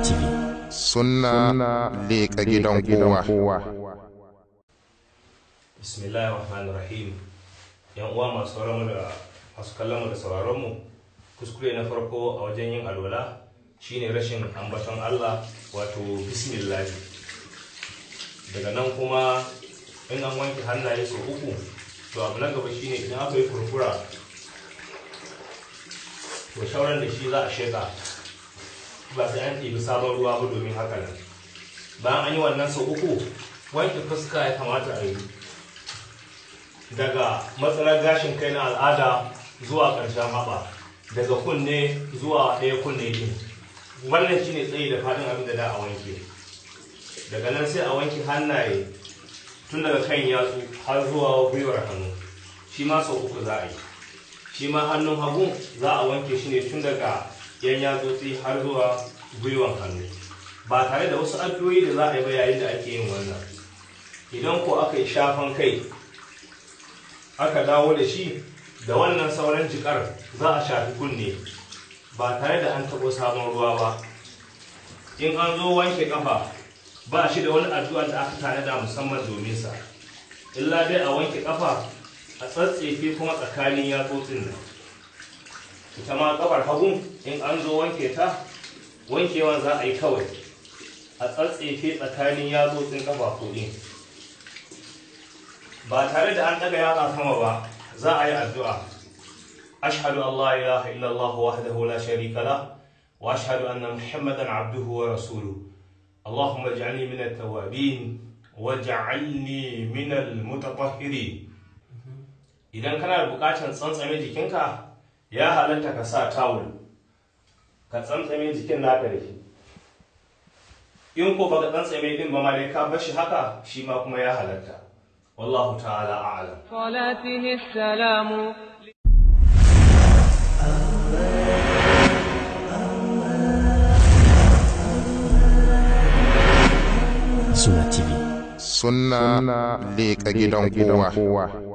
TV. Sunna leƙa gidan kowa. Bismillahir Rahmanir Rahim. Yan uwa masu sauraron da masu kallon mu da sauraron mu kuskure na farko a wajen yin alwala shine rashin ambaton Allah wato bismillah. Daga nan kuma in an wanke hannaye sau uku to abu na gaba shine idan aka yi kurkura to shauran da shi za a sheka ba sai an ɗibi sabon ruwa ba domin haka nan bayan an yi wannan sau uku wanke fuska ya kamata a yi daga matsalar gashin kai na al'ada zuwa ƙarshen haɓa daga kunne zuwa ɗaya kunne ne wannan shine tsayi da faɗin abin da da a wanke daga nan sai a wanke hannaye tun daga kan yatsu har zuwa gwiwar hannu shi ma sau uku za a yi shi ma hannun hagu za a wanke shi ne tun daga yan yatsotsi har zuwa gwiwan hannu ba tare da wasu addu'o'i da za a yi ba yayin da ake yin wannan idan ko aka yi shafan kai aka dawo da shi da wannan sauran jikar za a shafi kunne ba tare da an taɓo sabon ruwa ba in an zo wanke ƙafa, ba shi da wani addu'a da aka tare da musamman domin sa illa dai a wanke ƙafa, a tsatsefe kuma tsakanin yatsotsin nan ita ma kafar hagun in an zo wanke ta wankewan za a yi kawai a tsatsefe tsakanin yatsotsin kafa kudin. ba tare da an ɗaga yatsa sama ba za a yi addu'a ashhadu an la ilaha illallah wahdahu la sharika la wa ashhadu anna muhammadan abduhu wa rasuluhu اللهم اجعلني من التوابين واجعلني من المتطهرين idan kana da bukatar tsantsame jikinka ya halatta ka sa tawul ka tsantsame jikin naka da shi in ko baka tsantsame din ba ma dai ka bashi haka shi ma kuma ya halatta wallahu ta'ala a'lam salatihi salamu Sunna TV. Sunna leƙa gidan kowa.